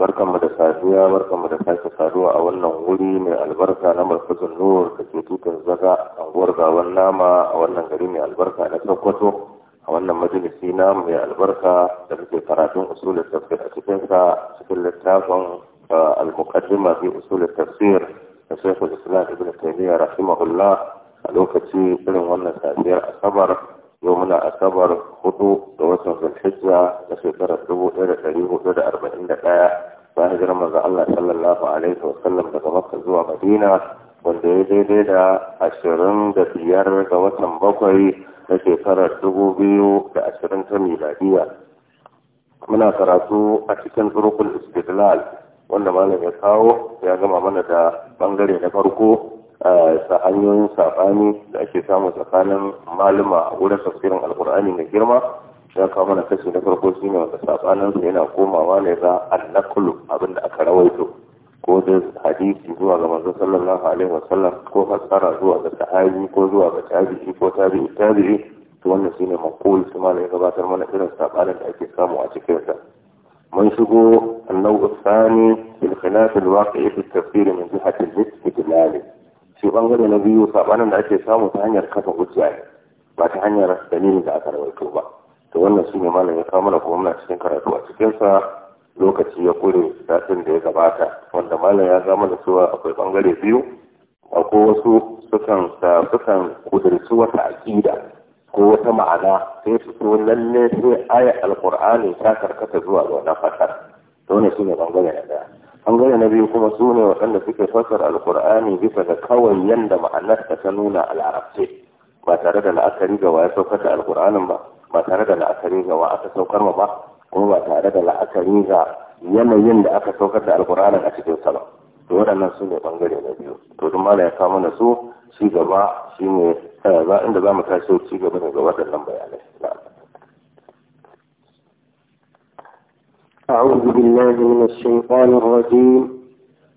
barkanmu da saduwa barkanmu da sake saduwa a wannan wuri mai albarka na markazin nur da ke tutar zaga anguwar gawan nama a wannan gari mai albarka na sokoto a wannan majalisi na mai albarka da muke karatun usulun tafsir a cikinsa cikin littafin al-muqaddima fi usulun tafsir da shaykhul islam ibn taymiyyah rahimahullah a lokaci irin wannan safiyar asabar yau muna asabar hudu da watan zulhijja da shekarar dubu ɗaya da ɗari hudu da arba'in da ɗaya bayan hijirar manzon Allah sallallahu alaihi wa sallam daga Makka zuwa Madina wanda ya daidai da ashirin da biyar ga watan bakwai na shekarar dubu biyu da ashirin ta miladiya muna karatu a cikin turkul istidlal wanda malam ya kawo ya gama mana da bangare na farko sa hanyoyin saɓani da ake samu tsakanin malama a wurin tafsirin alkur'ani na girma ya kawo mana kashi na farko shi ne wata saɓanin su yana komawa ne za a nakulu abin da aka rawaito ko da hadisi zuwa ga manzon sallallahu alaihi wasallam ko fassara zuwa ga sahabi ko zuwa ga tabi'i ko tabi'i tabi'i to wannan shine maqul su malai gabatar mana irin saɓanin da ake samu a cikin sa mun shigo annau tsani fil khilaf al waqi'i fi tafsir min jihati al shi bangare na biyu sabanin da ake samu ta hanyar kafa hujja ba ta hanyar dalilin da aka rawaito ba to wannan shine ne malam ya kawo mana kuma cikin karatu a cikinsa lokaci ya kure satin da ya gabata wanda malam ya zama da cewa akwai bangare biyu akwai wasu sukan sukan kudurci wata aqida ko wata ma'ana sai su so lalle sai ayat alqur'ani ta karkata zuwa ga wannan fasar to ne bangare na daya bangare na biyu kuma su ne waɗanda suke fassara alkur'ani bisa ga kawai yanda ma'anarsa ta nuna a larabce ba tare da la'akari ga wa ya saukar da alkur'anin ba ba tare da la'akari ga wa aka saukar ba kuma ba tare da la'akari ga yanayin da aka saukar da alkur'anin a cikin sa ba to waɗannan su ne bangare na biyu to duk mala ya kawo mana su ci gaba shi ne eh, inda za mu tashi ci gaba da nan bayanai أعوذ بالله من الشيطان الرجيم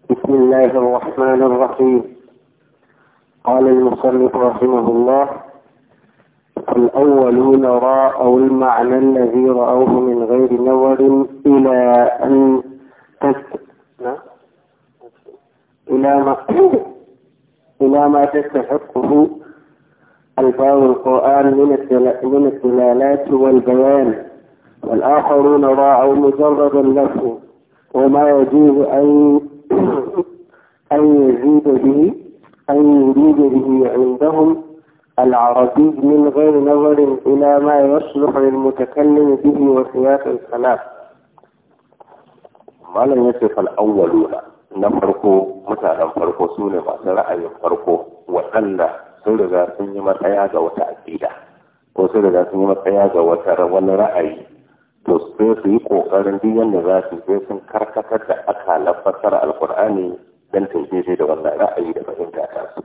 بسم الله الرحمن الرحيم قال المصنف رحمه الله الأولون رأوا المعنى الذي رأوه من غير نور إلى أن تست... إلى ما إلى ما تستحقه ألفاظ القرآن من الدلالات والبيان والآخرون راعوا مجرد النفس وما يجوز أن أن يزيد به أن يريد به عندهم العربي من غير نظر إلى ما يصلح للمتكلم به وسياق الكلام. ما لم يصف الأولون نفرقوا مثلا فرقوا سوني ما ان يفرقوا وقلنا سرغا سنجم الحياة وتأكيدا وسرغا سنجم الحياة وترى ونرأي to sai su yi kokarin duk yadda za su sai sun karkatar da akalar fassara alkur'ani dan tafiye da wannan ra'ayi da fahimta ta su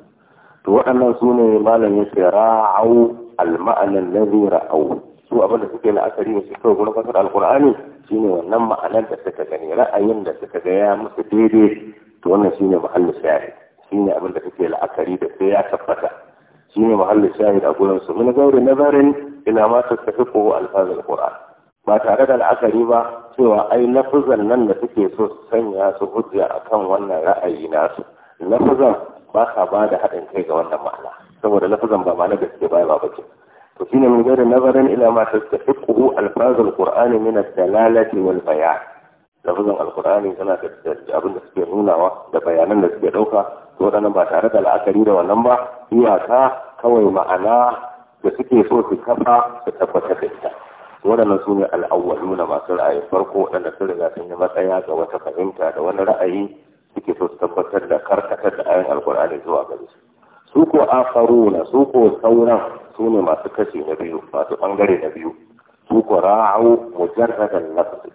to waɗannan su ne malam ya ce ra'au alma'anan lazi ra'au su abin da suke la'akari da suke gurin fasara alkur'ani shine wannan ma'anar da suka gani ra'ayin da suka ga ya musu daidai to wannan shine mahallin shahid shine abin da suke la'akari da sai ya tabbata shine mahallin shahid a gurin su min gauri nazarin ila ma tattafiqu alfazul qur'an ba tare da la'akari ba cewa ai lafazan nan da suke so su sanya su hujja akan wannan ra'ayi nasu lafazan ba sa ba da haɗin kai ga wannan ma'ana saboda lafazan ba ma'ana gaske ba ba bace to shine mun gaira nazarin ila ma tastahiqu alfazul qur'ani min ad-dalalati wal bayan lafazan alqur'ani suna da abin da suke nunawa da bayanan da suke dauka to wadannan ba tare da la'akari da wannan ba iyaka kawai ma'ana da suke so su kafa su tabbatar da ita waɗannan su ne al'awwalu na masu ra'ayi farko waɗanda sun riga sun yi matsaya ga wata fahimta da wani ra'ayi suke so su tabbatar da karkatar da ayin alkur'ani zuwa gare su su ko akharuna su ko sauran su ne masu kashe na biyu masu ɓangare na biyu su ko ra'au mujarradan lafazin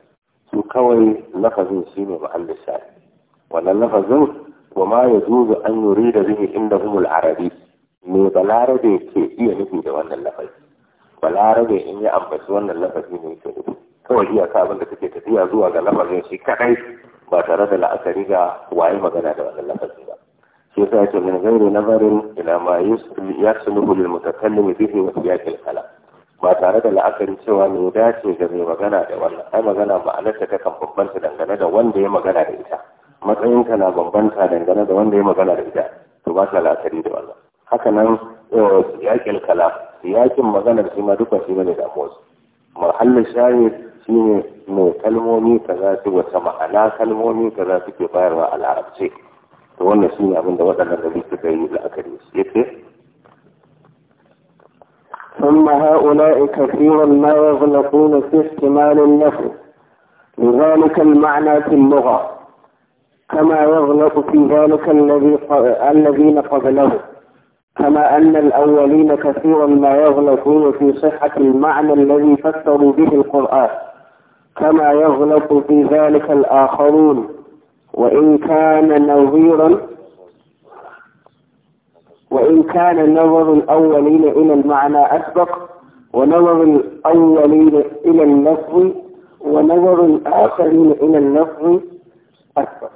su kawai lafazin shine ma'allin lissafi wannan lafazin wa ma yajuzu an da bihi inda al-arabi me balarabe ke iya nufi da wannan lafazi balarabe in ya ambaci wannan lafazi ne yake nufi kawai iyaka abin da take tafiya zuwa ga lafazin shi kadai ba tare da la'akari ga waye magana da wannan lafazi ba shi yasa yake min gairi nazarin ila ma yasluhu lil mutakallim bihi wa siyaq al kalam ba tare da la'akari cewa me dace ga mai magana da wannan ai magana ma'anarta ta kan bambanta dangane da wanda ya magana da ita matsayinka na bambanta dangane da wanda ya magana da ita to ba ta la'akari da wannan haka nan siyakin kalam siyakin maganar shi ma duka shi ne damuwarsu mahallin shayar shi ne mai kalmomi kaza su wata ma'ana kalmomi kaza suke bayarwa a larabce to wannan shi ne abinda waɗannan gari suka yi la'akari shi yake ثم هؤلاء كثيرا ما يغلطون في احتمال النفي لذلك المعنى في اللغة كما يغلط في ذلك الذي الذين قبله كما أن الأولين كثيرا ما يغلطون في صحة المعنى الذي فسروا به القرآن كما يغلط في ذلك الآخرون وإن كان نظيرا وإن كان نظر الأولين إلى المعنى أسبق ونظر الأولين إلى اللفظ ونظر الآخرين إلى اللفظ أسبق.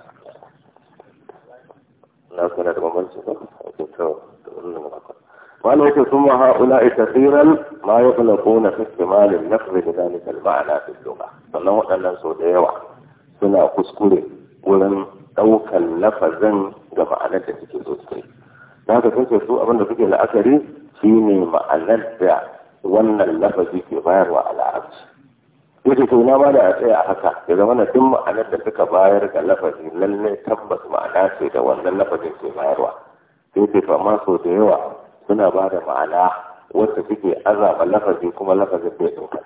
قال وفي هؤلاء كثيرا ما يغلقون في احتمال النفر لذلك المعنى في اللغة فلو أن لنسو ديوع سنا قسكولي ولن أوكى النفذا جمع لك في كل سكولي لهذا كنت يسوء أبنى فيك الأكري فيني ما ألدع وأن النفذ في غير وعلى عرش يجي تونا ما لأتي أحكا إذا وانا تم ألدع فيك غير النفذ لن تبس معناك إذا وأن النفذ في غير وعلى sai amma sau da yawa suna ba da ma'ana wacce suke azaba lafazi kuma lafazin bai ɗauka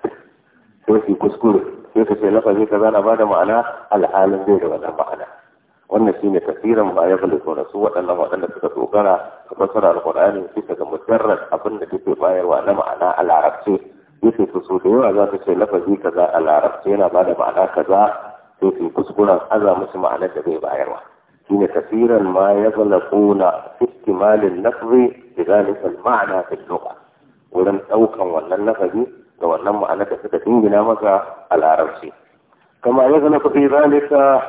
sai su kuskure sai ka ce lafazi kaza na ba da ma'ana alhalin bai da wannan ma'ana wannan shine tafsirin ba ya bulto na su waɗannan waɗanda suka dogara ga fasara su ka ga mujarrad abin da take bayarwa na ma'ana a larabce yake su so da yawa za ta ce lafazi kaza a larabce yana ba da ma'ana kaza sai su kuskuren aza musu ma'anar da bai bayarwa إن كثيرا ما يغلقون في استعمال اللفظ بذلك المعنى في اللغة ولم أوكم ولا اللفظ ولا معنى كثيرين جنامك عربسي كما يغلق في ذلك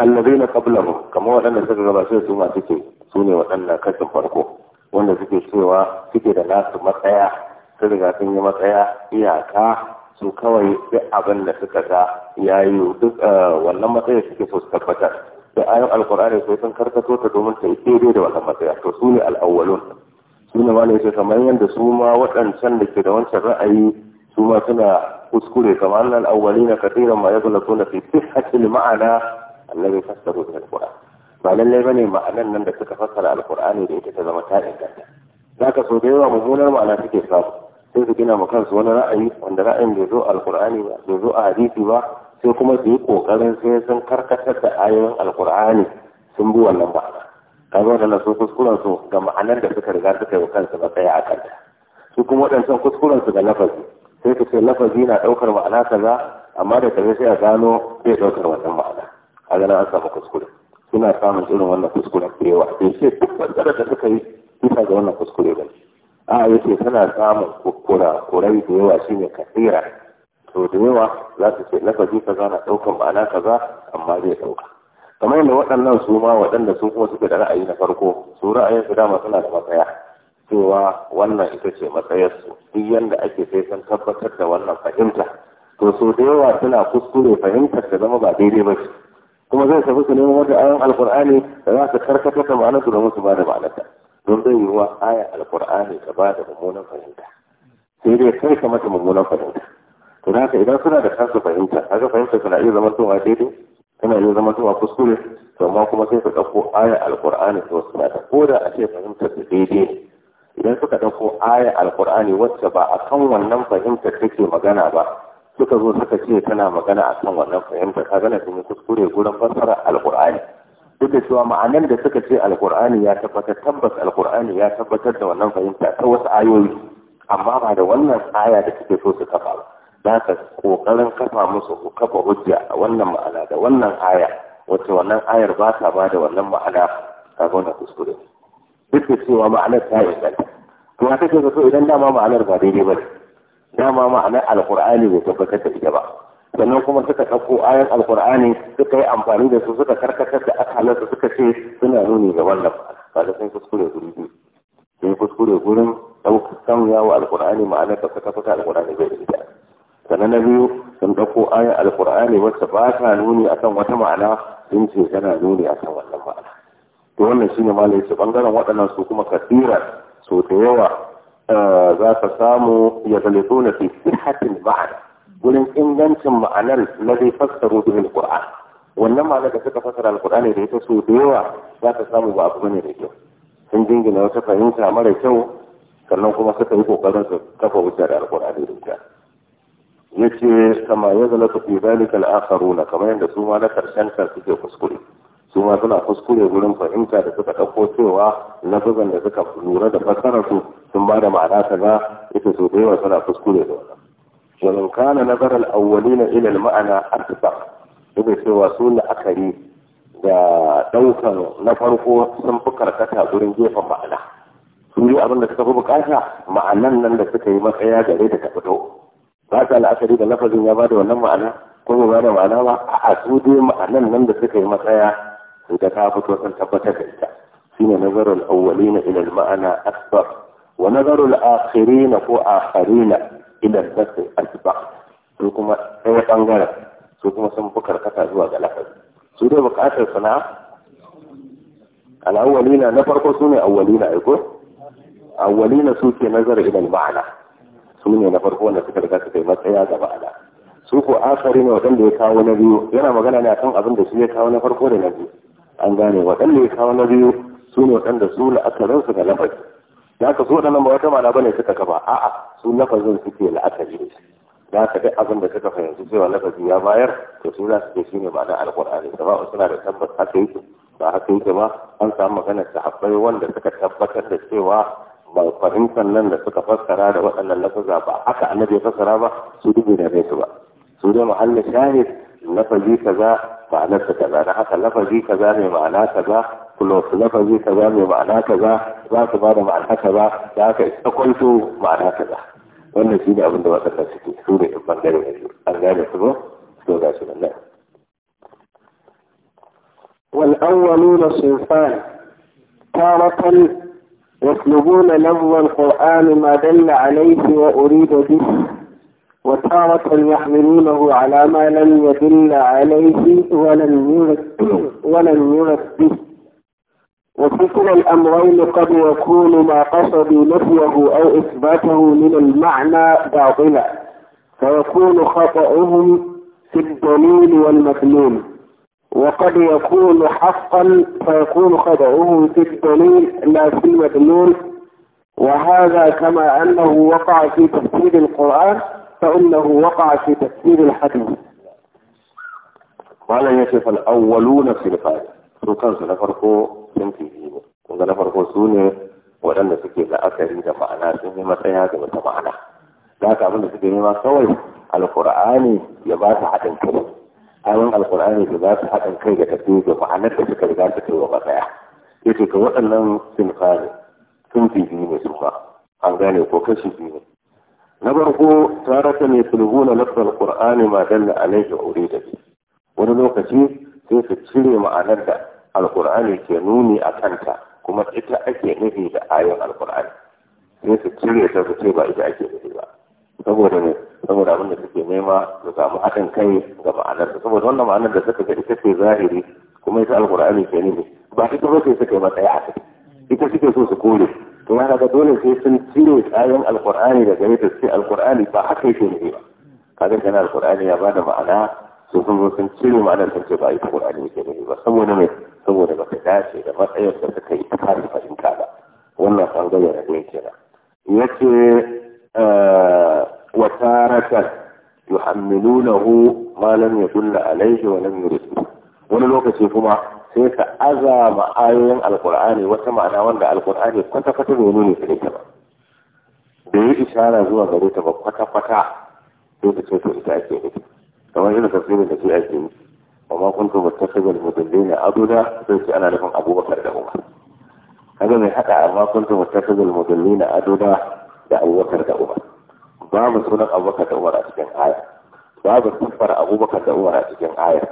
الذين قبلهم كما وأن سكر بسيطة ما تكي سوني وأن كثم فرقو وأن سكي سوى سكي ناس مطيع سرقا تنجي مطيع إياكا su kawai duk abin da suka ga yayi duk wannan matsayin suke so su tabbatar da ayon alkur'ani sai sun karkato ta domin ta daidai da wannan matsaya to su ne al'awwalun su ne wani ce kamar yadda su ma waɗancan da ke da wancan ra'ayi su ma suna kuskure kamar nan al'awwalina kathiran ma yaghlaquna fi sihhatil ma'ana annabi fassaru bil qur'an ba lallai bane ma'anan nan da suka fassara alkur'ani da ita ta zama ta inganta zaka so da yawa mummunar ma'ana suke samu sai su gina ma kansu wani ra'ayi wanda ra'ayin bai zo alkur'ani ba bai zo a hadisi ba sai kuma su yi kokarin sai sun karkatar da ayoyin alkur'ani sun bi wannan ma'ana kaga wadanda sun kuskuren su ga ma'anar da suka riga suka yi kansu ba tsaya a kanta su kuma waɗancan kuskuren su ga lafazi sai ka ce lafazi na ɗaukar ma'ana kaza amma da kaza sai a gano zai ɗaukar wannan ma'ana a ganin an samu kuskure suna samun irin wannan kuskuren da yawa sai sai duk bangaren da suka yi bisa ga wannan kuskure ba a yace tana samun kura kurai da yawa shine kasira to da yawa za su ce lafazi kaza na ɗaukan ma'ana kaza amma zai ɗauka kamar yadda waɗannan su ma waɗanda su kuma suke da ra'ayi na farko su ra'ayin su dama suna da matsaya cewa wannan ita ce matsayarsu duk yadda ake sai sun tabbatar da wannan fahimta to so da yawa suna kuskure fahimtar da zama ba daidai ba ce kuma zai tafi su neman wata ayan alkur'ani da za su karkata ta ma'anarsu da musu ba da ma'anarta don zai yiwuwa ayan alkur'ani ta ba da mummunan fahimta sai dai kai ka mata mummunan fahimta to idan suna da kansu fahimta haka fahimta suna iya zama daidai tana iya zama kuskure to amma kuma sai su ɗauko aya alƙur'ani su wasu ko da a ce fahimtar su daidai idan suka ɗauko aya alƙur'ani wacce ba a kan wannan fahimtar take magana ba suka zo suka ce tana magana a kan wannan fahimtar ka gana sun yi kuskure gurin fassara alƙur'ani duk da cewa ma'anar da suka ce alƙur'ani ya tabbatar tabbas alƙur'ani ya tabbatar da wannan fahimta ta wasu ayoyi amma ba da wannan aya da suke so su kafa ba za ka kokarin kafa musu ku kafa hujja a wannan ma'ana da wannan aya wacce wannan ayar ba ta ba da wannan ma'ana ta gona kuskure duk da cewa ma'anar ta yi inganta to ya kake zato idan dama ma'anar ba daidai ba ne dama ma'anar alkur'ani bai tabbatar da ita ba sannan kuma suka ɗauko ayar alkur'ani suka yi amfani da su suka karkatar da akalarsa suka ce suna nuni ga wannan ba da sun kuskure guri biyu sun kuskure gurin ɗaukar samun yawo alkur'ani ma'anar da suka fita alkur'ani bai da ita sana na biyu sun ɗauko ayan alkur'ani wacce ba ta nuni akan wata ma'ana sun ce tana nuni akan wannan ma'ana to wannan shine malai ce bangaren waɗannan su kuma kasira so da yawa eh, za ka samu ya zalito na fi sihatin ma'ana gurin ingancin ma'anar na zai fassaro bihin qur'an wannan ma'anar da suka fassara alqur'ani da ita so da yawa za ka samu ba abu bane da kyau sun jingina wata fahimta mara kyau sannan kuma suka yi kokarin su kafa wuta da da ita yace kama ya zalata fi dalika al-akharuna kama yadda su ma na karshen ka suke kuskure su ma suna kuskure gurin fahimta da suka dauko cewa lafazan da suka lura da fasara su sun ba da ma'ana ta ga ita so da yawa suna kuskure da wannan wannan kana nazar al-awwalina ila al-ma'ana akthar yadda cewa su la'akari da ɗaukan na farko sun fi karkata gurin jefa ma'ana sun yi abin da suka fi bukata ma'anan nan da suka yi matsaya gare da tabbato ba ta la'asari da lafazin ya bada wannan ma'ana ko bai bada ma'ana ba a su dai ma'anan nan da suka yi matsaya sai da ta fito sun tabbatar da ita shine nazarul awwalina ila al-ma'ana akbar wa nazarul akhirina ko akhirina ila al-nasl akbar su kuma ɗaya ɓangaren, su kuma sun fi karkata zuwa ga lafazi su dai buƙatar sana'a al-awwalina na farko sune awwalina aiko awwalina suke nazar ila al-ma'ana su ne na farko wanda suka riga suka kai matsaya gaba ala su ko akari ne waɗanda ya kawo na biyu yana magana ne akan abin da su ya kawo na farko da na biyu an gane waɗanda ya kawo na biyu su ne waɗanda su la'akarin su ga lafazi da aka su nan ba wata ma'ana bane suka kafa a'a su lafazin suke la'akari ne da aka duk abin da suka fahimci cewa lafazi ya bayar to su za su ce shine alkur'ani da ba suna da tabbas haka yake ba haka yake ba an samu maganar sahabbai wanda suka tabbatar da cewa ba fahimtar nan da suka fassara da waɗannan lafaza ba haka annabi ya fassara ba su dubi da bai su ba su da muhallin shahid lafazi kaza ta kaza da haka lafazi kaza mai ma'ana kaza plus lafazi kaza mai ma'ana kaza za su ba da ma'ana kaza da haka ita kwanto ma'ana kaza wannan shi ne abin da waɗanda suke su ne ɗin ɓangare ne an gane su ba su ga shi nan والأولون صنفان تارة يطلبون لفظ القرآن ما دل عليه وأريد به وتارة يحملونه على ما لم يدل عليه ولم يرد ولم يرد به وفي كلا الأمرين قد يكون ما قصدوا نفيه أو إثباته من المعنى باطلا فيكون خطأهم في الدليل والمكنون وقد يكون حقا فيكون خدعه في الدليل لا في المدلول وهذا كما أنه وقع في تفسير القرآن فإنه وقع في تفسير الحديث قال شيخ الأولون في القرآن سلطان سنفرقه سنفرقه سنفرقه سنفرقه سنفرقه waɗanda suke da akari da ma'ana sun yi matsaya da wata ma'ana za ka abin da suke nema kawai alkur'ani ya ba ayoyin alkur'ani da za su haɗin kai ga tafi da ma'anar da suka riga ta kai wa bakaya ya ce ka waɗannan sun ne sun fi biyu ne su ba an gane ko kashi biyu ne na farko ta ne sulhuna lafzar alkur'ani ma dalla alaihi aure da wani lokaci sai su cire ma'anar da alkur'ani ke nuni a kanta kuma ita ake nufi da ayoyin alkur'ani sai su cire ta su ba ita ake nufi ba saboda ne saboda abin da suke nema su samu haɗin kai ga ma'anar saboda wannan ma'anar da suka ga ita ce zahiri kuma ita alkur'ani ke ne ba ita ba sai suka yi matsaya a haka ita suke so su kore to ya ga dole sai sun cire tsayin alkur'ani daga ta sai alkur'ani ba haka yake ne ba kaga kana alkur'ani ya bada ma'ana sun sun zo sun cire ma'anar sun ce ba ita alkur'ani yake ne ba saboda ne saboda ba ka dace da matsayar da suka yi ta fahimta ba wannan bangaren ne kenan yace آه، وتارة يحملونه ما لم يدل عليه ولم يرده وانا لوك سيفوما سيكا أزام آيين القرآن وتمعنا وانا القرآن كنت فتن ينوني في الإجابة بي إشارة زوا غريتا بقتا فتا كنت سيكو إتاكي كما هنا تفهم إنك يأتي وما كنت متخذ المدلين أبدا بس أنا لكم أبو بكر لهم هذا من حقا ما كنت متخذ المدلين أبدا da abubakar da umar babu sunan abubakar da umar a cikin aya babu siffar abubakar da umar a cikin aya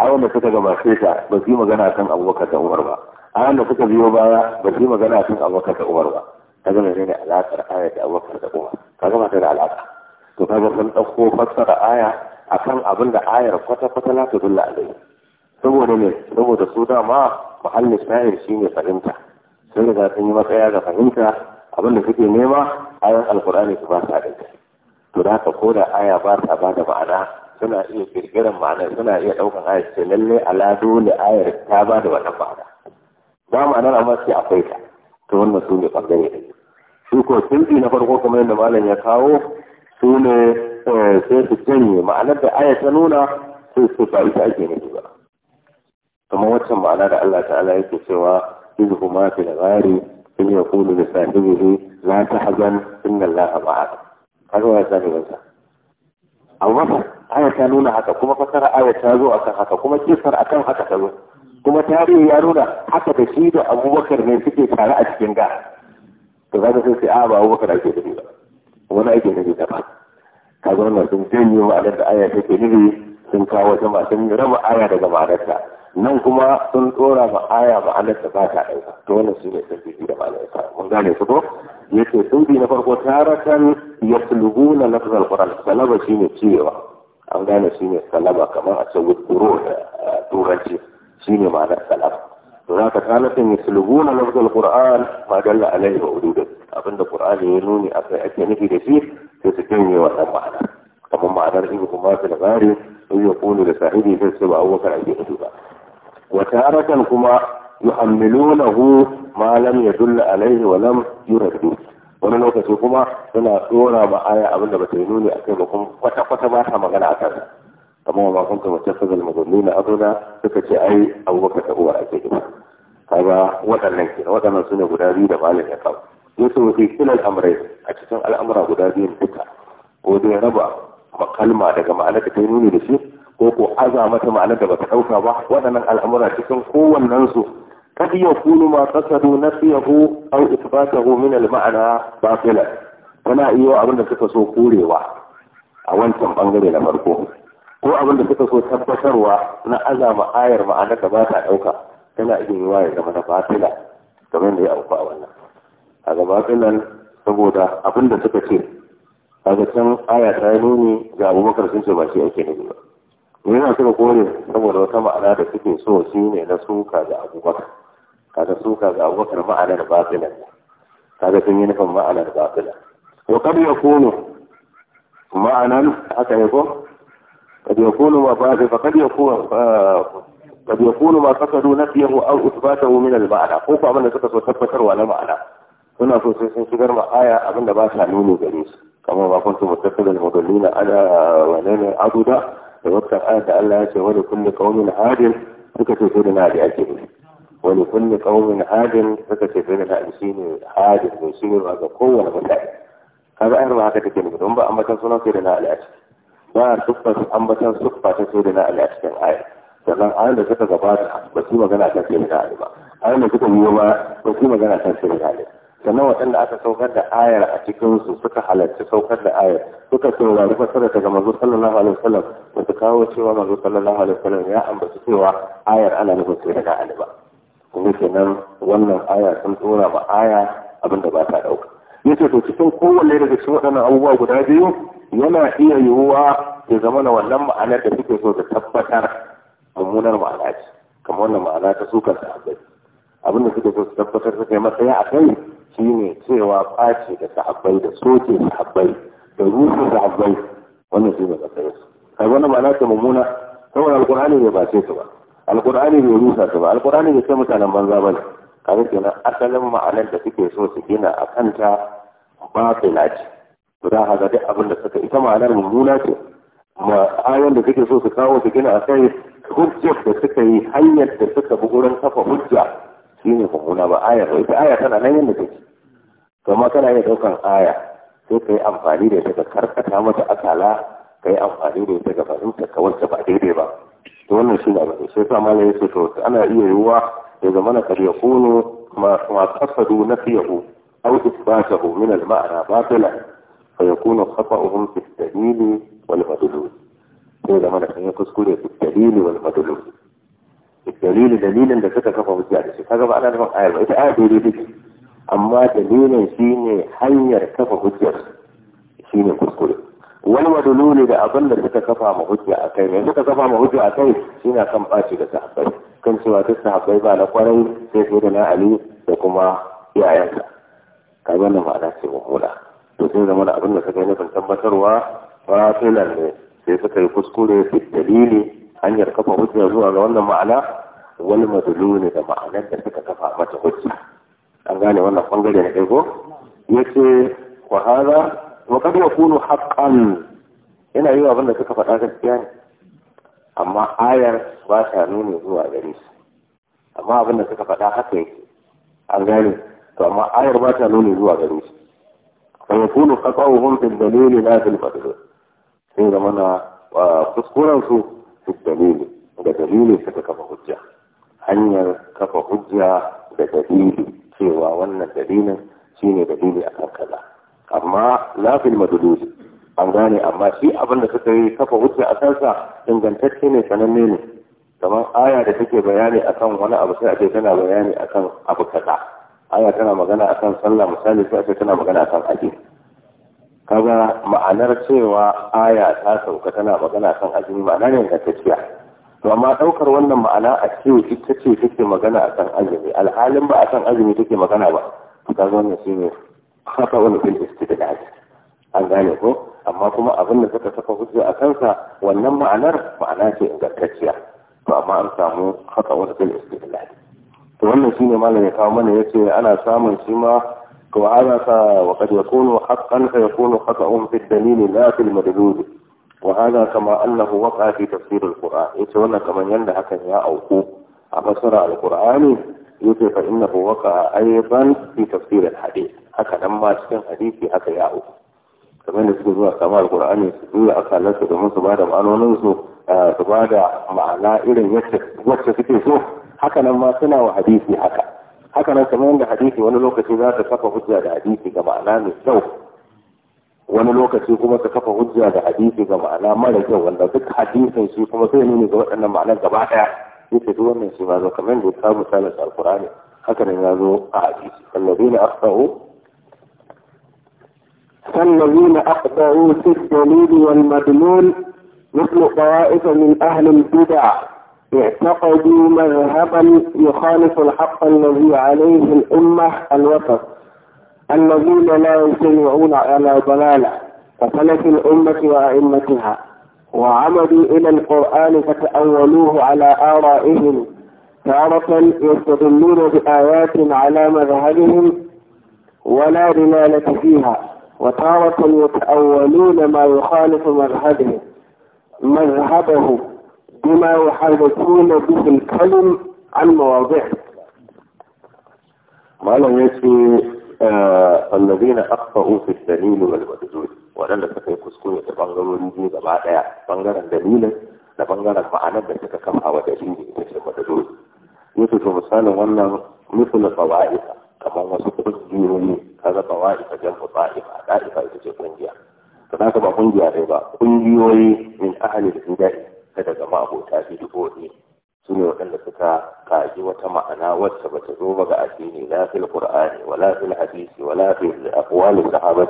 ayon da suka gabace ta ba su yi magana kan abubakar da umar ba ayon da suka biyo baya ba su yi magana kan abubakar da umar ba ta gama ne da alaƙar aya da abubakar da umar ka gama ta da alaƙa to ka sun ɗauko fassara aya akan abin da ayar kwata-kwata na ta dulla alai saboda ne saboda su dama muhallin sha'ir shine fahimta sun riga sun yi matsaya ga fahimta abinda suke nema ayan alkur'ani su ba su haɗin ta to da haka ko da aya ba ta ba da ma'ana suna iya ƙirƙirar ma'ana suna iya ɗaukan aya ce lalle ala ne ayar ta ba da wannan ma'ana ba ma'anar amma sai akwai ta to wannan su ne ɓangare da su ko na farko kamar yadda malam ya kawo su ne eh, sai su janye ma'anar da aya ta nuna sai su ba ita ake nufi ba kamar waccan ma'ana da Allah ta'ala yake cewa izhuma da ghari Karya kodin saɗa zai zai zata zama na sin lalla a ma'aza. Kar ma ya sa ni yanzu. A wata, Aisha ta nuna haka kuma ƙasar a Aisha zo a kan haka kuma ƙesan a kan haka kallon. Kuma ta ce ya nuna haka da shi da Abubakar ne suke tare a cikin ga. To za ka so in ce ba Abubakar ake da ba, kuma na aike na bi ta ba. Kazar yi wa da aya ta ke ni biyu sun kawo ta masu yi raba aya daga ma'anarta. nan kuma sun tsora ba aya ba Allah ta baka ɗauka to wannan su ne sabbi da malai ta mun gane su ko yace sabbi na farko taratan yasluguna lafzal qur'an salaba shine cewa an gane shine salaba kamar a cewa da turanci shine ma'anar salaba to zaka taratan yasluguna lafzal qur'an ma dalla alaihi wa ududu abinda qur'ani ya nuni akai ake nufi da shi sai su janye wannan ma'ana kamar ma'anar ibnu mazal gari in yaqulu da sahibi sai su ba abubakar ake nufi ba وتارة هما يحملونه ما لم يدل عليه ولم يرد ومن وقت هما هنا دورا معايا أبدا بتعينوني أكلكم وتقفت ما حمغل عكاد كما ما كنت متفق المظلين أبدا فكت أي أو وقت هو أكيد هذا وطن لنك وطن سنة غدادي دمال يقوم يسوي في كل الأمرين أكثر الأمر غدادي انتكا ودي ربع مقلمة لك معلك تعينوني بشيء ko ko aza mata ma'anar da bata ɗauka ba waɗannan al'amura cikin kowannensu قد يكون ما قصدوا نفيه au إثباته من المعنى باطلا tana iyo abin da suka so korewa a wancan bangare na farko ko abin da suka so tabbatarwa na azama ayar ma'anar da ba ta ɗauka tana iya yiwa ya zama na batila kamar da ya auku a wannan a gaba batilan saboda abin da suka ce a can aya ta nuni ga abubakar sun ce ba shi ake nufi ba yana suka kore saboda wata ma'ana da suke so shi ne na suka ga abubakar kaga suka ga abubakar ma'anar batila kaga sun yi nufin ma'anar batila wa ya kono ma'anan haka ne ko kada ya kono ma ba fa kad kada ya kono ma kasadu nafiyahu au ithbatahu min al-ma'ana ko ko abinda suka so tabbatarwa na ma'ana suna so sai sun shigar ma aya abinda ba sa nuni gare su kamar ba kun kuntum muttakhidul mudallina ala wanene abuda da wata ayat Allah ya ce wani kulli kaumin hadin suka ce sai na da ake ne wani kulli kaumin hadin suka ce sai na shi ne hadin ne shi ne ba ga kowane mutane kaga ayar ba haka take ne don ba ambatan sunan sai da na al'ati ba suffa ambatan suffa ta sai da na al'ati kan ayar sannan ayoyin da suka gabata ba su magana kan sai da na ba ayoyin da suka yi ba ba su magana kan sai da na sannan waɗanda aka saukar da ayar a cikinsu suka halarci saukar da ayar suka saurari fasara daga manzo sallallahu alaihi wasallam wata kawo cewa manzo sallallahu alaihi wasallam ya ambaci cewa ayar ana nufin sai daga aliba kuma kenan wannan aya sun tsora ba aya abinda ba ta ɗauka yace to cikin kowanne daga cikin waɗannan abubuwa guda biyu yana iya yiwuwa ya zama na wannan ma'anar da suke so ta tabbatar mummunar ma'ana ce kamar wannan ma'ana ta sukar da abin da suke so su tabbatar suka yi masaya a kai Shi ne cewa ɓaci da sahabbai da soke sahabbai da rufe sahabbai wannan shi ne matsayin su kai wannan ba na ta mummuna saboda alkur'ani bai bace su ba alkur'ani bai rusa su ba alkur'ani bai sai mutanen banza ba ne kaga kenan asalin ma'anar da suke so su gina a kanta ba su laci to da haka duk abin da suka ita ma'anar mummuna ce ayan da suke so su kawo su gina a kai hujjar da suka yi hanyar da suka bi wurin kafa hujja shi ne mummuna ba aya ba ita aya tana nan yadda take to amma kana iya ɗaukan aya sai ka yi amfani da ita ka karkata mata akala ka yi amfani da ita ga fahimtar ka wacce ba daidai ba to wannan shi ne abin sai sa malam yace to ana iya yiwuwa ya zama na kar ya kuno ma kasadu na fiyahu khata'uhum fi al المعنى wal madlul Sai في الدليل والمدلول kuskure fi al في wal madlul dalilin dalilin da suka kafa hujja da shi kaga ba ana nufin ayar ba ita ayar daidai take amma dalilin shine hanyar kafa hujjar shine kuskure wani madululi da abin da suka kafa ma hujja a kai ne suka kafa ma hujja a kai shine kan ɓaci da sahabbai kan cewa duk sahabbai ba na kwarai sai sai da na ali da kuma iyayensa kaga wannan ma'ana ce mummuna to sai zama da abin da suka yi nufin tabbatarwa fatilan ne sai suka yi kuskure fi dalili hanyar kafa hujja zuwa ga wannan ma'ana wani madulu ne da ma'anar da suka kafa mata hujja an gane wannan bangare na ko, ya ce wa hada wa kad yakunu haqqan yana yi abin da suka faɗa gaskiya ne amma ayar ba ta nuna zuwa gare su amma abin da suka faɗa haka yake an gane to amma ayar ba ta nuna zuwa gare su fa yakunu qata'uhum fil dalil la fil fadl sai da mana ah, kuskuren su da dalili dalili suka kafa hujja hanyar kafa hujja da dalili cewa wannan dalilin shine dalili akan kaza amma lafil madudusi an gane amma shi abin da suka yi kafa hujja a kansa ingantacce ne sananne ne kamar aya da take bayani akan wani abu sai a ce tana bayani akan abu kaza aya tana magana akan sallah misali sai a tana magana akan addini kaga ma'anar cewa aya ta sauka tana magana kan azumi ma'ana ne ga tafiya to amma daukar wannan ma'ana a cewa ita ce take magana akan azumi alhalin ba akan azumi take magana ba zo wannan shine haka wannan fil istidlal an gane ko amma kuma abin da suka saka hujja a kansa wannan ma'anar ma'ana ce ingantacciya to amma an samu haka wannan fil istidlal to wannan shine malamin ya kawo mana yace ana samun shi ma وعبث وقد يكون حقا فيكون خطأ في الدليل لا في المدلول وهذا كما أنه وقع في تفسير القرآن يتولى كما يندهك يا أوقو أبصر على القرآن يتولى فإنه وقع أيضا في تفسير الحديث هكذا لما أشكن حديث هكذا يا أوقو كما يسجد الله كما القرآن يسجد الله أكثر لسه دمونس بعد ما أنه ننسو آه، سبعد معنا إلي يكشف يكشف يكشف حكى لما سنع حديث هكذا haka nan kamar yadda hadisi wani lokaci za ta kafa hujja da hadisi ga ma'ana mai kyau wani lokaci kuma ta kafa hujja da hadisi ga ma'ana mara kyau wanda duk hadisin shi kuma zai nuni ga waɗannan ma'anar gaba ɗaya yake duk wannan shi ma zo kamar da ta misalin alkurani haka nan ya zo a hadisi allazina akhtau فالذين أخطأوا في الدليل والمدلول مثل طوائف من أهل البدع اعتقدوا مذهبا يخالف الحق الذي عليه الأمة الوسط الذين لا يجتمعون على ضلالة وسلف الأمة وأئمتها وعمدوا إلى القرآن فتأولوه على آرائهم تارة يستدلون بآيات على مذهبهم ولا دلالة فيها وتارة يتأولون ما يخالف مذهبهم مذهبهم بما يحادثون به الكلم عن مواضعه malam ya ce allazina akfa'u fi dalil wal majzul wadanda suka yi kuskure ta bangarori biyu gaba daya bangaren dalilin na bangaren ma'anar da suka kama wa dalili da shi majzul yake to misalin wannan misalin fawa'ida kamar wasu kungiyoyi kaga fawa'ida jan fawa'ifa da'ifa ita ce kungiya to haka ba kungiya dai ba kungiyoyi min ahli da bidah kada daga ma'abota bid'o'i su ne waɗanda suka kaji wata ma'ana wacce bata zo ba ga addini la fil qur'ani wala fil hadisi wala fil aqwali sahabat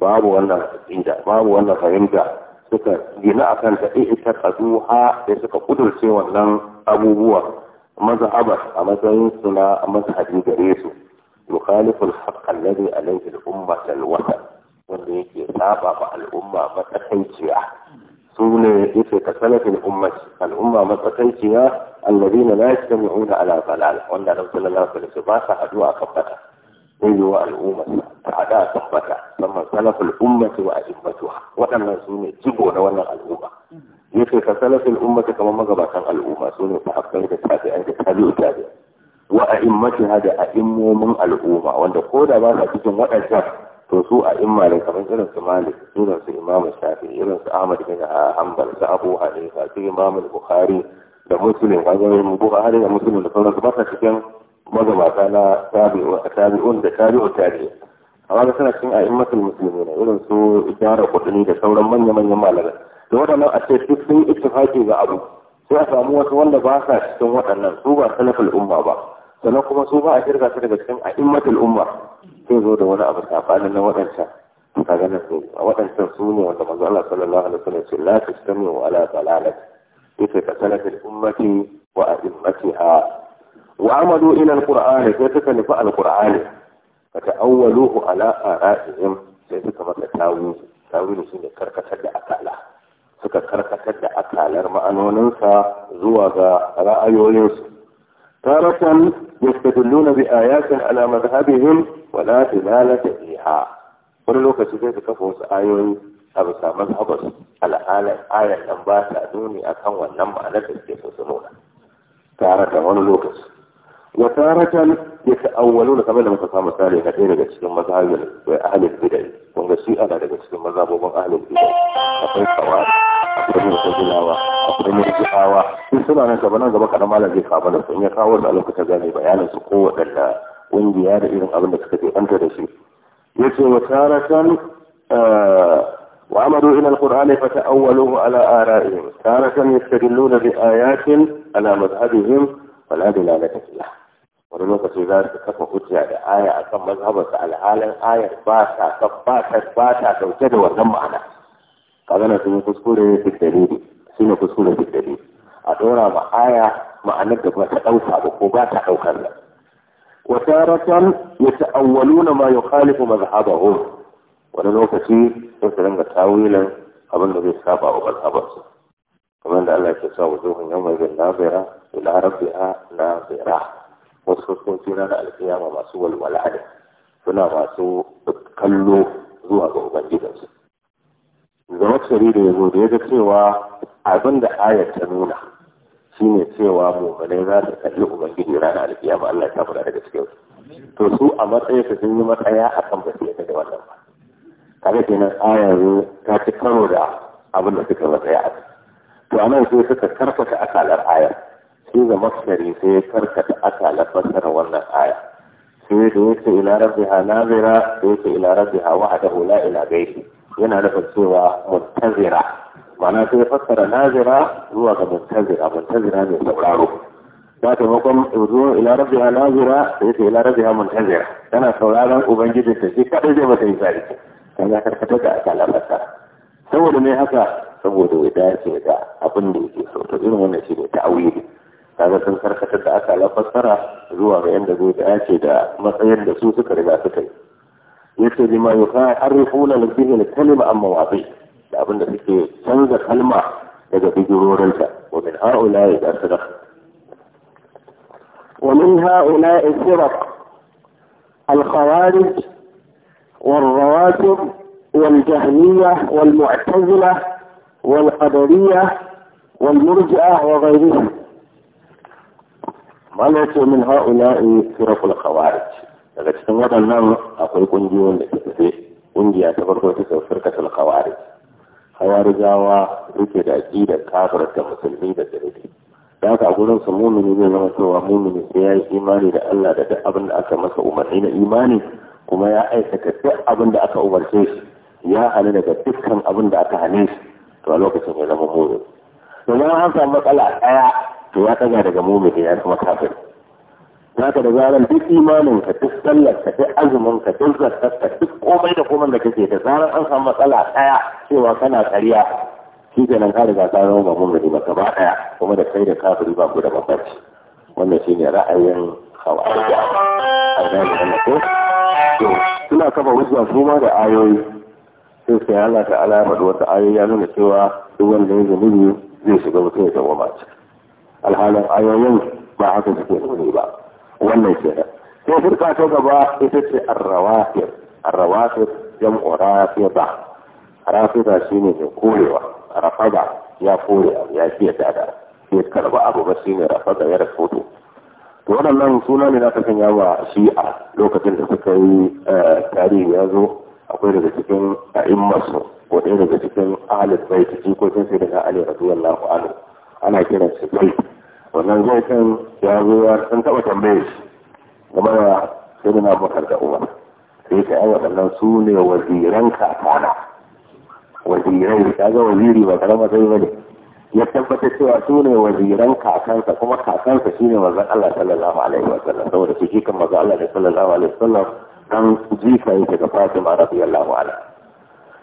babu wannan aqida babu wannan fahimta suka gina akan ta eh, ita qaduha da suka kudurce wannan abubuwa mazhabar a matsayin na a mazhabi gare su yukhaliful haqq alladhi alayhi al-ummah al-wahd wanda yake saba ba al'umma matsakaiciya سنة يفي تخلف الأمة الأمة مطلقين الذين لا يستمعون على ضلال وأن لو صلى الله في السباة فأدوا أخبتا أيوة الأمة فأدا أخبتا ثم خلف الأمة وأئمتها وأن سنة جبون وأن الأمة يفي تخلف الأمة كما مغبا كان الأمة سنة فأخبرت تابعا تتابعوا تابعا وأئمتها هذا أئمو من الأمة وأن قولا ما تجمع أجاب to su a immalin kamar irin su malik sunan su imamu shafi irin su ahmad bin hanbal su abu hanifa su imamu bukhari da muslim wajen bukhari da muslim da sauransu ba sa cikin magabata na tabi'un da tabi'un tabi'un amma ga suna cikin a'immatul musulmi ne irin su gyara kudini da sauran manya-manyan malamai da waɗannan a ce duk sun ittifaki ga abu sai a samu wasu wanda ba sa cikin waɗannan su ba salafin umma ba sannan kuma su ba a shirka su daga cikin a'immatul umma sai zo da wani abu sabanin na waɗancan ka ganin su waɗancan su ne wanda manzo Allah sallallahu alaihi wasallam ce la tastamiu ala dalalat yace ka salatul ummati wa a'immatiha wa amadu ila alqur'ani sai suka nufi alqur'ani ka ta'awwaluhu ala ara'ihim sai suka masa tawili tawili shine karkatar da akala suka karkatar da akalar ma'anoninsa zuwa ga ra'ayoyinsu تارة يستدلون بآياته على مذهبهم ولا دلالة فيها wani lokaci zai kafa wasu ayoyi a bisa mazhabar al'alar ayar nan ba ta nuni a kan wannan ma'anar da suke so su nuna tare da wani lokaci wa taratan ya ta'awwalu da kamar da muka samu misali na ɗaya daga cikin mazhabin ahalin bidai kun ga shi ana daga cikin mazhabobin ahalin bidai akwai kawai وعملوا إلى القرآن فتأولوه على آرائهم تارة يستدلون بآيات على مذهبهم فلا دلالة فيها ولنوك في ذلك كما قلت يعني آية أكم مذهبك على العالم آية باسة تباسة باسة توجد وزم عنها kagana na sun kuskure fi dalili shine kuskure fi dalili a dora ba aya ma'anar da ba ta dauka ba ko ba ta daukar da wa taratan yata'awwaluna ma yukhalifu madhhabahum wani lokaci sai su ringa tawilan abin da zai saba wa mazhabarsu kamar da Allah ya sa wa zuhun na mai bin nazira ila rabbiha nazira wasu fuskoki na da alkiyama masu walwala ne suna masu kallo zuwa ga ubangijinsu zama shari da ya zo da ya ga cewa abin da ayar ta nuna shi ne cewa mummunai za su kalli ubangiji ranar alkiyama Allah ya daga cikin to su a su sun yi matsaya a kan basu yadda da wannan ba kaga kenan ayar ta ci karo da abin da suka matsaya a to a nan sai suka karfata akalar ayar sai da shari sai ya karkata akalar fassara wannan ayar sai da yake ila rabbiha nazira da yake ila a wahdahu la ila gaishe?" yana da cewa muntazira mana sai ya fassara nazira zuwa ga muntazira muntazira mai sauraro ba ta makon zuwa ila rabbiha nazira sai ta ila rabbiha muntazira tana sauraron ubangijin ta shi kada zai mata yi sai kan ya karkata da kalamarsa saboda mai haka saboda ya dace da abin da yake so to irin wannan shi ne ta'awili kaga sun karkatar da aka fassara zuwa ga yanda zai dace da matsayin da su suka riga suka yi يكتب ما يحرفون لديه الكلمة عن مواضيع لابد انك تنزل كلمة اذا في جرور انت ومن هؤلاء الاسرق ومن هؤلاء الفرق الخوارج والرواتب والجهمية والمعتزلة والقدرية والمرجئة وغيرهم ما نعطي من هؤلاء فرق الخوارج daga cikin waɗannan akwai ƙungiyoyin da ke ƙungiya ta farko ta sau firkatul khawarij gawa rike da aƙidar da musulmi da zirgi da haka gurin su mumini zai zama cewa mumini sai ya yi imani da Allah da duk abin da aka masa umarni na imani kuma ya aikata duk abin da aka umarce shi ya hana daga dukkan abin da aka hane shi to a lokacin ya zama mumin. Domin an samu matsala ɗaya to ya ɗaga daga mumini ya zama kafir. ka da zaran duk imanin ka duk sallar ka duk azumin ka duk zartar ka duk komai da komai da kake da zaran an samu matsala daya cewa kana kariya. shi ke ka kare ga tsarin ba mun ba gaba daya kuma da kai da kafiri ba ku da bambanci wannan ne ra'ayin hawa'iya a zai da ko to suna kafa hujja su ma da ayoyi sai sai Allah ta'ala ya faɗi wata ayoyi ya nuna cewa duk wanda ya zunubi zai shiga mutum ya zama mace alhalin ayoyin ba haka suke nuni ba wannan kenan ko firka ta gaba ita ce arrawafir arrawafir jam'u rafida rafida shine mai korewa rafada ya kore ya fiye da ya karba abu ba shine rafada ya rafoto to waɗannan suna ne na ta sanya wa a lokacin da suka yi eh, tarihi ya zo akwai daga cikin aimmasu ko ɗaya daga cikin ahalin baiti jikokin sai daga ali radiyallahu anhu ana kiran shi baiti wannan zai kan ya zo ya san taɓa tambaye shi game da sai na bakar da umar sai ka yi waɗannan su ne waziran kakana wazirai ka ga waziri ba karama sai ba ne ya tabbata cewa su ne waziran kakansa kuma kakansa shi ne mazan Allah sallallahu alaihi wa sallam saboda su jikan mazan Allah da sallallahu alaihi wa sallam dan jika yake ga Fatima radiyallahu anha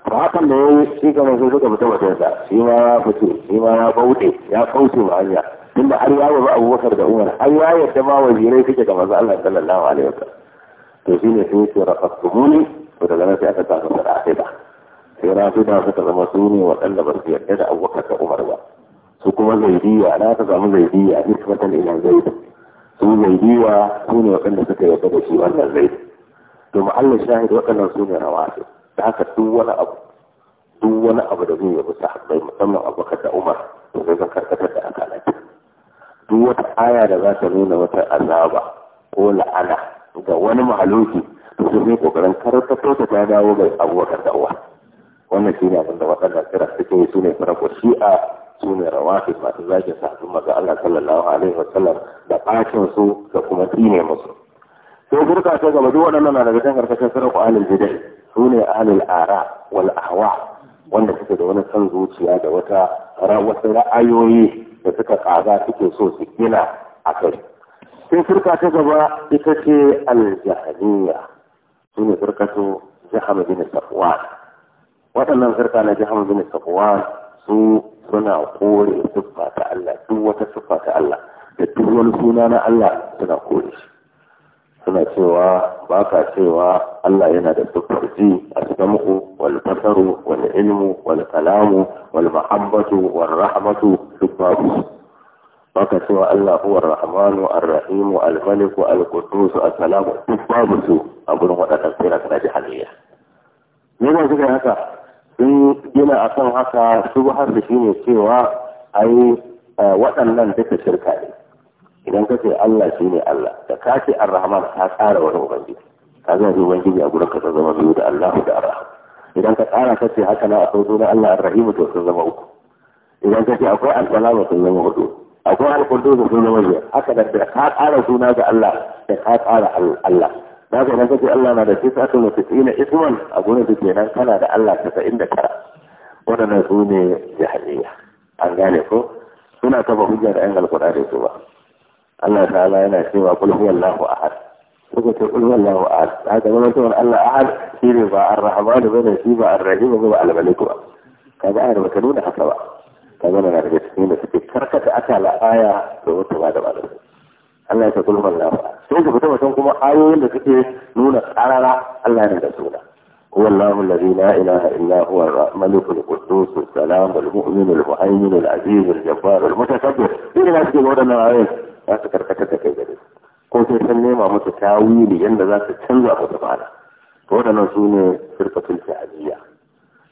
to hakan da yi shi kamar sai suka fita mutunta shi ma ya fito shi ma ya bauɗe ya kauce ma hanya tunda har ya ba abubakar da umar har ya yadda ma wazirai suke ga masu Allah sallallahu alaihi wa sallam to shi ne sai ce rafatumuni to daga nan sai aka tafi da rafida sai rafida suka zama su ne waɗanda ba su yarda da abubakar da umar ba su kuma zaidiya na ta samu zaidiya nisbatan ila zaid su zaidiya su ne waɗanda suka yarda da shi wannan zaid to ma'allar shahid waɗannan su ne rawafi da haka duk wani abu duk wani abu da zai yabi sahabbai musamman abubakar da umar to zai zan karkatar da akalata duk wata aya da za ta nuna wata azaba ko la'ana ga wani mahaloki to sun yi kokarin karfafa ta ta dawo ga abubakar da'uwa wannan shi ne abin da waɗannan kira suke yi su ne farko shi'a su ne rawafi masu zagin sabbin maza Allah sallallahu alaihi wa sallam da ɓacin su da kuma tsine musu sai gurka ta gaba duk waɗannan na daga kan karkashin sarrafa alil bidai su ne alil ara wal ahwa wanda suke da wani san zuciya da wata wasu ra'ayoyi da suka ƙaga suke so su gina a kai sai firka ta gaba ita ce aljahaniya su ne firkato jihar bin safwan waɗannan firka na jihar bin su suna kore siffa ta Allah duk wata siffa ta Allah da duk wani suna na Allah suna kore shi suna cewa ba ka cewa Allah yana da siffar ji a sam'u wal basaru wal ilmu wal kalamu wal mahabbatu wal rahmatu duk babu ba ka cewa Allah huwa rahmanu ar-rahimu al-maliku al-qudus as-salamu duk babu su a gurin waɗannan sira kana jahiliya me ba su haka sun gina akan haka su har da shine cewa ai eh, waɗannan duka shirka ne idan ka ce Allah shi ne Allah da ka ce Ar-Rahman ka tsara wani ubangiji ka zai zai ubangiji a gurin ka ta zama biyu da Allah da Ar-Rahman idan ka tsara ka ce haka na a akwai sunan Allah Ar-Rahim to sun zama uku idan ka ce akwai Al-Salam sun zama hudu akwai Al-Qudus sun zama biyar haka da ka tsara suna ga Allah da ka tsara Allah na ga idan ka ce Allah na da tisatun wa tis'ina isuwan, a gurin su kenan kana da Allah tasa'in da tara waɗannan su ne jahiliya an gane ko suna taba hujja da ayyukan alƙur'ani su ba الله تعالى أنا أسلم أقول هو الله أحد وقلت هو الله أحد هذا ما نتوان الله أحد في رضا الرحمن وبين سيبا الرحيم وهو على ملكه كذا أنا حتى حفظا كذا أنا نرجع سنين في كركة أتى على آية وقلت هذا ما نتوان الله تقول هو الله أحد سنين في كتابة سنكم آية لكي نون على الله أنا نتوان هو الله الذي لا إله إلا هو الملك القدوس السلام المؤمن المهيمن العزيز الجبار المتكبر za su karkatar da kai gari ko sai san nema musu tawili yadda za su canza musu bana to waɗannan su ne firkatul fi'aliyya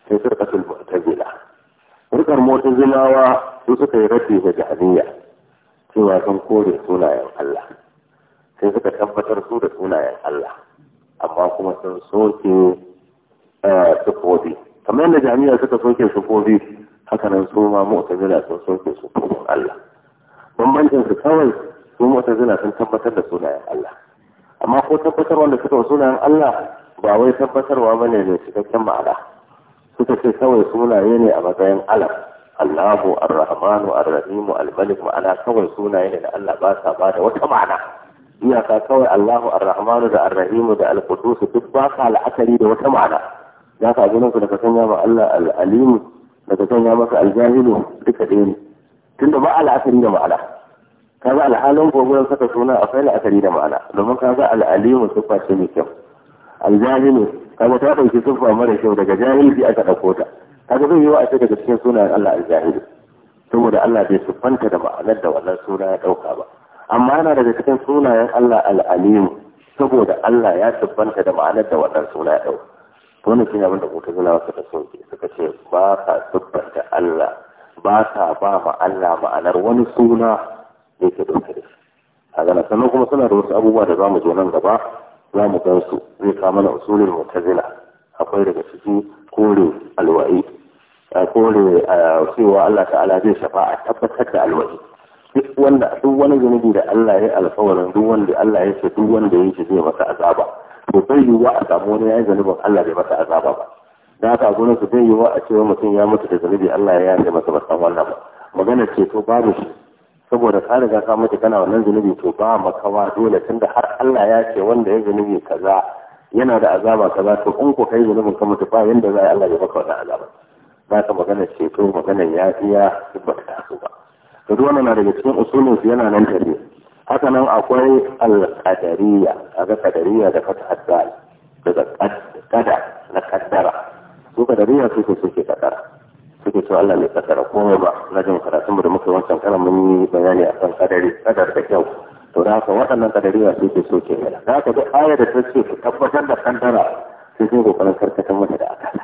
sai firkatul mu'tazila firkar mu'tazilawa su suka yi rafi da jahiliya cewa sun kore sunayen Allah sai suka tabbatar su da sunayen Allah amma kuma sun soke eh, sufofi kamar yadda jami'a suka soke sufofi haka nan su ma mu'tazila sun soke sufofin Allah bambancin su kawai su mu'tazila sun tabbatar da sunayen Allah amma ko tabbatar wanda suka wa sunayen Allah ba wai tabbatarwa bane ne cikakken ma'ana suka ce kawai sunaye ne a matsayin alam Allahu Ar-Rahmanu Ar-Rahim Al-Malik ma'ana kawai sunaye ne da Allah ba sa bada wata ma'ana iyaka kawai Allahu Ar-Rahmanu da Ar-Rahim da Al-Qudus duk ba sa la'akari da wata ma'ana ya ka gina ku da ka sanya ma Allah al-Alim da ka sanya masa al-Jahilu duka ɗaya ne tunda ba la'akari da ma'ana Ka kaga alhalin gogoron saka suna akwai la'akari da ma'ana domin ka kaga al'alimu siffa ce mai kyau aljahilu kaga ta ɗauki siffa mara kyau daga jahilci aka ɗauko ta kaga zai yiwu a ce daga cikin sunayen Allah aljahilu saboda Allah bai siffanta da ma'anar da wannan suna ya ɗauka ba amma yana daga cikin sunayen Allah al'alimu saboda Allah ya siffanta da ma'anar da wannan suna ya ɗauka to ne shine abin da mutazila suka soke suka ce ba ka siffanta Allah ba ka ba ma Allah ma'anar wani suna da yake ɗauke da shi a gana sannan kuma suna da wasu abubuwa da za mu zo nan gaba za mu gan su zai kawo mana usulin mutazila akwai daga ciki kore alwa'i a kore cewa Allah ta'ala zai shafa a tabbatar da alwa'i duk wanda duk wani zunubi da Allah ya alfawarin duk wanda Allah ya ce duk wanda ya ce zai masa azaba to bai yiwuwa a samu wani yayin zunubin Allah bai masa azaba ba da haka gurin su bai yiwuwa a cewa mutum ya mutu da zunubi Allah ya yafe masa ba san wannan ba magana ce to babu shi saboda ka riga ka mutu kana wannan zunubi to ba makawa dole tunda har Allah ya ce wanda ya zunubi kaza yana da azaba kaza to in ko kai zunubin ka mutu ba yanda za a Allah ya baka wannan azaba ba ka magana ceto magana ya iya ba ta taso ba to duk wannan na daga cikin usulin su yana nan tare. haka nan akwai al-qadariyya kaga da fata daga na qaddara su qadariyya su suke qaddara suke so Allah mai kaddara komai ba na jin karatun da muka wancan karan mun yi bayani akan kadari kadar da kyau to da haka waɗannan kadari ba ke so ke mana da haka duk ayar da ta ce ku tabbatar da kaddara sai sun kokarin karkatar mata da akala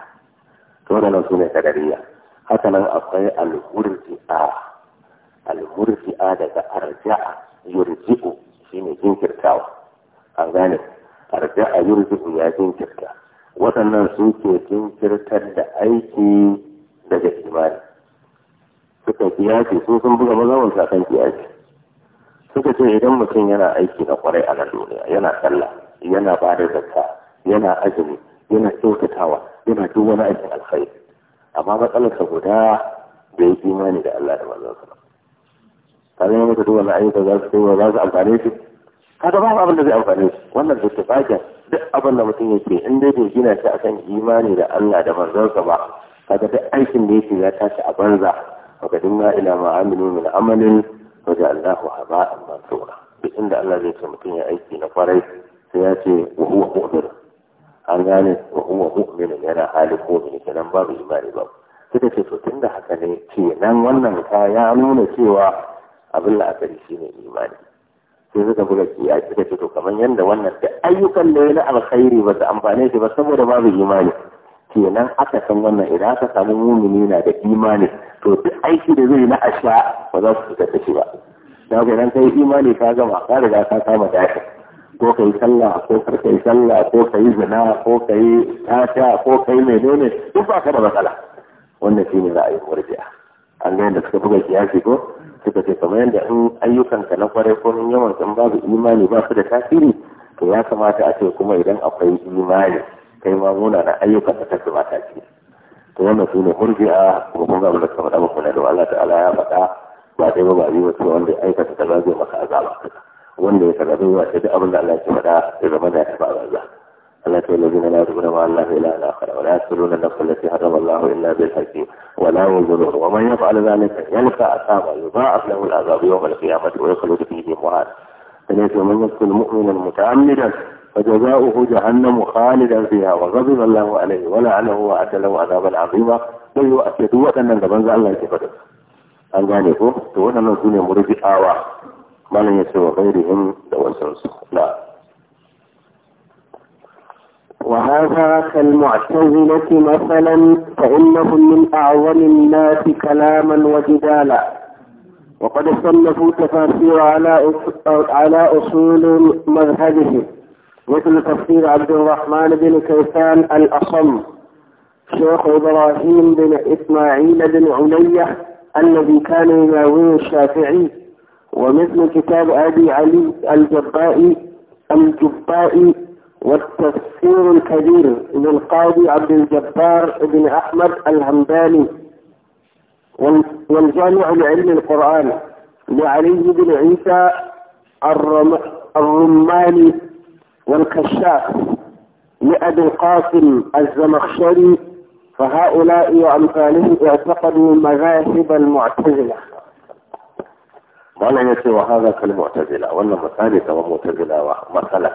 to waɗannan su ne kadariya haka nan akwai al-murji'a al-murji'a daga arja'a yurji'u ne jinkirtawa an gane arja'a yurji'u ya jinkirta waɗannan su ke jinkirtar da aiki daga imani suka kiyasi su sun buga mazamun sakan kiyasi suka ce idan mutum yana aiki na kwarai a nan duniya yana sallah yana ba da zakka yana azumi yana kyautatawa yana duk wani aikin alkhairi amma matsalarsa guda bai yi imani da Allah da manzon sa kare ne muka duk wani za su kai za su amfane shi kada babu abin da zai amfane shi wannan da tafakin duk abin da mutum yake in dai bai gina shi akan imani da Allah da manzon sa ba kaga duk aikin da yake ya tashi a banza wa kadinna ila ma min amalin wa allahu haba'an mansura duk inda Allah zai ce mutum ya aiki na kwarai sai ya ce wa huwa mu'min an gane wa huwa mu'min yana halin mu'min kenan babu imani ba suka ce to tunda haka ne nan wannan ka ya nuna cewa abin la'akari shine imani sai suka buga kiya suka ce to kamar yadda wannan da ayyukan da ya na alkhairi ba su amfane shi ba saboda babu imani kenan aka san wannan idan aka samu mumini na da imani to duk aiki da zai na asha ba za su fitar shi ba Na ga nan kai imani ka gama ka riga ka kama da shi, ko kai sallah ko kar kai sallah ko kai zina ko kai tata ko kai menene duk ba ka da matsala wannan shine ra'ayin murji'a an ga yadda suka buga kiyasi ko suka ce kamar yadda in ayyukanka na kwarai ko yawan kan babu imani ba su da tasiri to ya kamata a ce kuma idan akwai imani kai ma muna na ayyukan da ta kamata ke to wannan su ne murji'a kuma kun ga abin da suka faɗa muku ne da Allah ta'ala ya faɗa ba dai ba ba yi wasu wanda ya aikata kaza zai maka azaba kaza wanda ya kaza zai wace duk abin da Allah ya faɗa ya zama da ya taɓa azaba Allah ta yi na yadda gudunma Allah ila ala akhara wa la yasirun an nafsa allati harrama Allah illa bil haqqi wa la yuzurun wa man yaf'al dhalika yalqa asaba yudha'af lahu al-'adhabu yawm al-qiyamah wa yakhlud fihi muhana. Sannan man yakun mu'minan muta'ammidan فجزاؤه جهنم خالدا فيها وغضب الله عليه ولعنه وأعد له عذابا عظيما bai yi ان ce duk waɗannan da banza Allah هو faɗa an الدنيا ko ما waɗannan su غيرهم murji'awa malam ya وهذا كالمعتزلة مثلا فإنهم من أعظم الناس كلاما وجدالا وقد صنفوا تفاسير على على أصول مذهبهم مثل تفسير عبد الرحمن بن كيسان الأصم شيخ إبراهيم بن إسماعيل بن علية الذي كان يناوي الشافعي ومثل كتاب أبي علي الجبائي الجبائي والتفسير الكبير للقاضي عبد الجبار بن أحمد الهمداني والجامع لعلم القرآن لعلي بن عيسى الرماني والكشاف لأبي القاسم الزمخشري فهؤلاء وأمثالهم اعتقدوا مذاهب المعتزلة قال يسوى هذا كالمعتزلة وأن مثالثة ومعتزلة ومثلة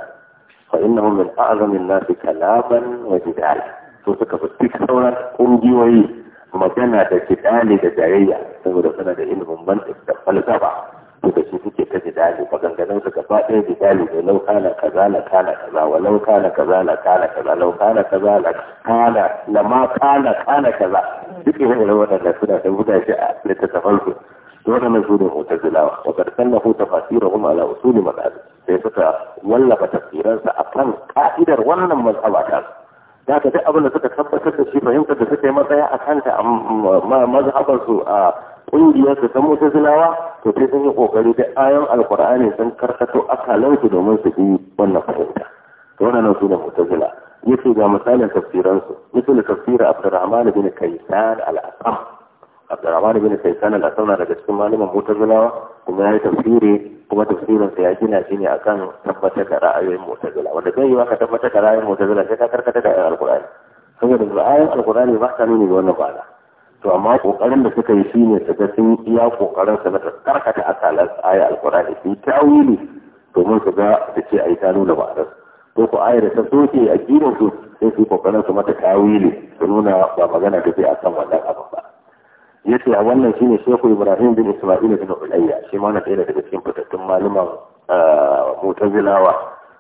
فإنهم من أعظم الناس كلاما وجدالا سوسك في ثورة أنجي magana da جدالية da jayayya إنهم من da ilimin duka shi suke ta jidali maganganun su gaba ɗaya jidali ne lau kana kaza la kana kaza wa lau kana kaza la kana kaza lau kana kaza la kana la ma kana kana kaza duk irin irin waɗannan suna da buga shi a littattafan su waɗannan su ne mutazilawa wa karsan na huta fasira kuma ala usuli mazhabi sai suka wallafa tafsiransa akan ka'idar wannan mazhaba ta da ka duk abin da suka tabbatar da shi fahimtar da suka yi matsaya a kanta a mazhabarsu a ƙungiyar su ta mutazilawa to sai sun yi ƙoƙari da ayon alƙur'ani sun karkato akalansu domin su bi wannan fahimta to wannan su ne mutazila yace ga misalin tafsiransu misal tafsir Abdurrahman bin Kaysan al-Asam Abdurrahman bin Kaysan al-Asam na daga cikin malaman mutazilawa kuma ya yi tafsiri kuma tafsirin sa ya gina shi ne akan tabbatar da ra'ayoyin mutazila wanda zai yi ka tabbatar da ra'ayoyin mutazila sai ka karkata da ayon alƙur'ani saboda ra'ayoyin alƙur'ani ba ta nuni ga wannan ba'ala to amma kokarin da suka yi shine su ga sun iya kokarin su na karkata akalan aya alqur'ani su ta'awili domin su ga su ce ai ta nuna ma'anar ko ko ayar ta soke a kiran su sai su kokarin su mata ta'awili su nuna ba magana da sai a san wannan abu ba yace a wannan shine Sheikh Ibrahim bin Isma'il bin Ulayya shi ma na ɗaya daga cikin fitattun malaman eh, Mu'tazilawa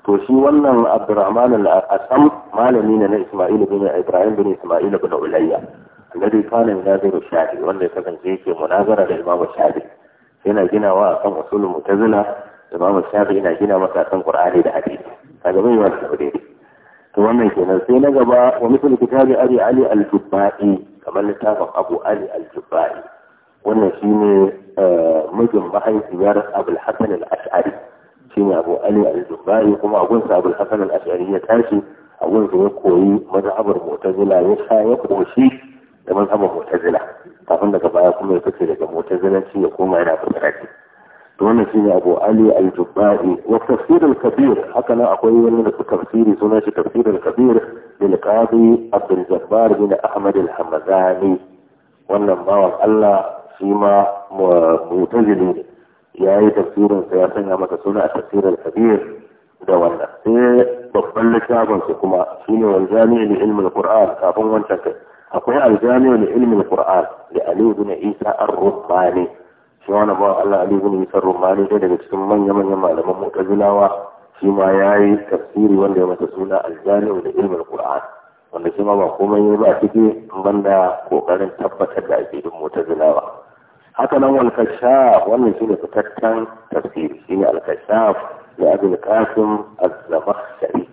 to shi wannan Abdurrahman al-Asam malami ne na Isma'il bin Ibrahim bin Isma'il bin Ulayya alladhi kana yunadiru shafi wanda ya kasance yake munazara da imamu shafi yana ginawa akan usul mutazila imamu shafi yana gina masa akan da hadisi kaga bai wani abu to wannan kenan sai na gaba wani misal kitabi abi ali al kamar littafin abu ali al-jubba'i wannan shine eh, mijin mahaifiyar abul hasan al-ash'ari shine abu ali al kuma abun sa abul hasan ashari ya tashi abun sa ya koyi mazhabar mu'tazila ya sha ya koshi da mazhabin mu'tazila kafin daga baya kuma ya fice daga mu'tazilanci ya koma yana fasarati to wannan shine Abu Ali al-Jubba'i wa tafsir al-kabir haka nan akwai wani da tafsiri sunan shi tafsir al-kabir lil qadi Abdul Jabbar bin Ahmad al-Hamdani wannan bawan Allah shi ma mu'tazili ya yi tafsirin sa ya sanya maka suna tafsir al-kabir da wannan sai babban littafin su kuma shine wal jami'i li ilmi al-Qur'an kafin wancan kai akwai aljami'u da ilimin qur'an da ali ibn isa ar-rubbani shi wani ba Allah ali ibn isa ar-rubbani da daga cikin manyan manyan malaman mu'tazilawa shi ma yayi tafsiri wanda ya masa suna aljami'u da ilmin qur'an wanda shi ma ba komai ne ba cike banda kokarin tabbatar da aqidin mu'tazilawa haka nan wal kashaf wannan shine fitattan tafsiri shine al kashaf da kafin qasim az-zamakhshari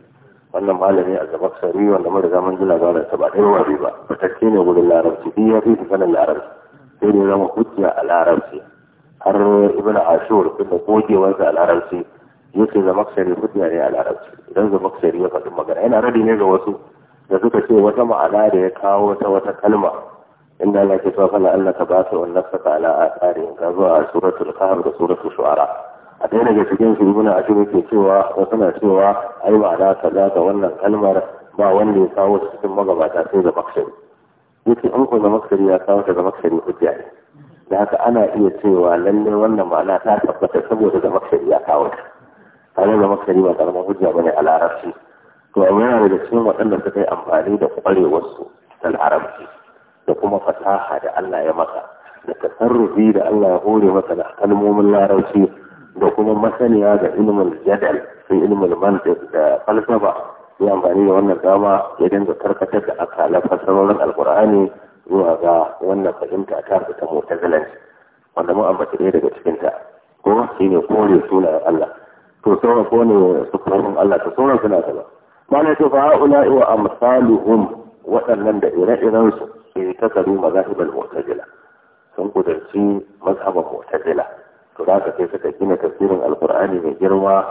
wannan malami a gaba sari wanda mun riga mun ji labarin ta ba ɗaya ba ba ce ne gudun larabci duk ya fi ta sanin larabci sai ne zama hujja a larabci har ibn ashur duk da gogewarsa a larabci yake zama sari hujja ne a larabci idan zama sari ya faɗi magana yana radi ne ga wasu da suka ce wata ma'ana da ya kawo ta wata kalma inda Allah ke tsofa fala Allah ka ba su wannan saka ala a tsarin ga zuwa suratul kahf da suratul shu'ara a ɗaya daga cikin su a cikin ke cewa wasu na cewa ai ba na kaza ga wannan kalmar ba wanda ya kawo su cikin magabata sai da maksari yace in ko da maksari ya kawo ta da maksari hujja ne da haka ana iya cewa lalle wannan ma'ana ta tabbata saboda da maksari ya kawo ta tare da maksari ba karamar hujja bane a larabci to yana daga cikin waɗanda suka yi amfani da ƙwarewarsu ta larabci da kuma fasaha da Allah ya maka da tasarrufi da Allah ya hore masa da kalmomin larabci da kuma masaniya ga ilimin jadal sai ilimin mantiq da falsafa ya amfani da wannan dama ya dinga karkatar da akalan fasarorin alkur'ani zuwa ga wannan fahimta ta ta mutazilanci wanda mu ambata ɗaya daga cikinta ko shine kore sunayen Allah to sauran ko ne sukurin Allah to sauran suna ta ba mana ce fa haula wa amsaluhum waɗannan da ire-iren su sai ta karu mota mu'tazila sun kudanci mota mu'tazila to da aka sai suka gina tafsirin alkur'ani mai girma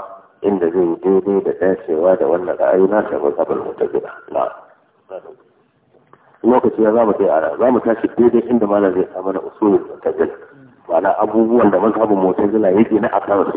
inda zai yi daidai da dacewa da wannan ra'ayi na ta mazhabar mu'tazila na lokaci ya zamu kai ara zamu tashi daidai inda malam zai samu na usulul mu'tazila ma'ana abubuwan da mazhabin mu'tazila yake na akan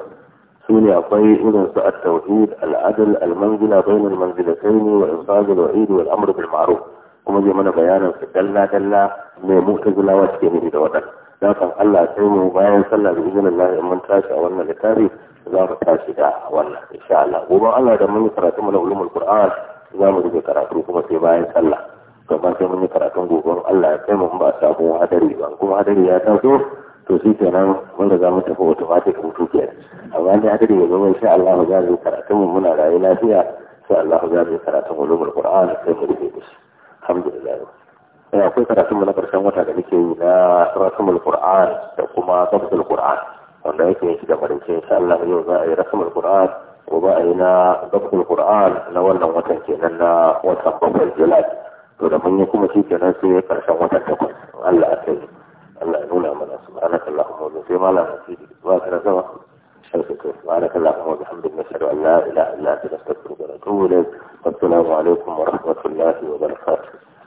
su ne akwai irin su at-tauhid al-adl al-manzila bain al-manzilatayn wa infaz al-wa'id wal amr bil ma'ruf kuma zai mana bayanin su dalla dalla mai mu'tazilawa suke nufi da waɗannan kan Allah sai mu bayan sallah da izinin Allah in mun tashi a wannan littafi za mu tashi da wannan insha Allah gobe Allah da mun karatu mu ulumul Qur'an za mu rike karatu kuma sai bayan sallah gaba sai mun yi karatun gobe Allah sai kai mu ba samu hadari ba kuma hadari ya taso to shi kenan wanda za mu tafi automatic hutu kenan amma dai hadari ya zama insha Allah za mu karatu mu muna rayu lafiya sai Allah za karatun karatu ulumul Qur'an sai mu rike shi alhamdulillah sai akwai karatun mu na karshen wata da muke yi na rasmul qur'an da kuma dabtul qur'an wanda yake yin shi da marince insha Allah yau za a yi rasmul qur'an gobe a yi na dabtul qur'an na wannan watan kenan na watan bakwai julai to da mun yi kuma shi kenan sai karshen watan takwas Allah ya kai Allah ya nuna mana subhanakallahumma wa bihamdika ma la nasidi wa tarasa سبحانك اللهم وبحمدك نشهد ان لا اله الا انت نستغفرك ونتوب اليك والسلام عليكم ورحمه الله وبركاته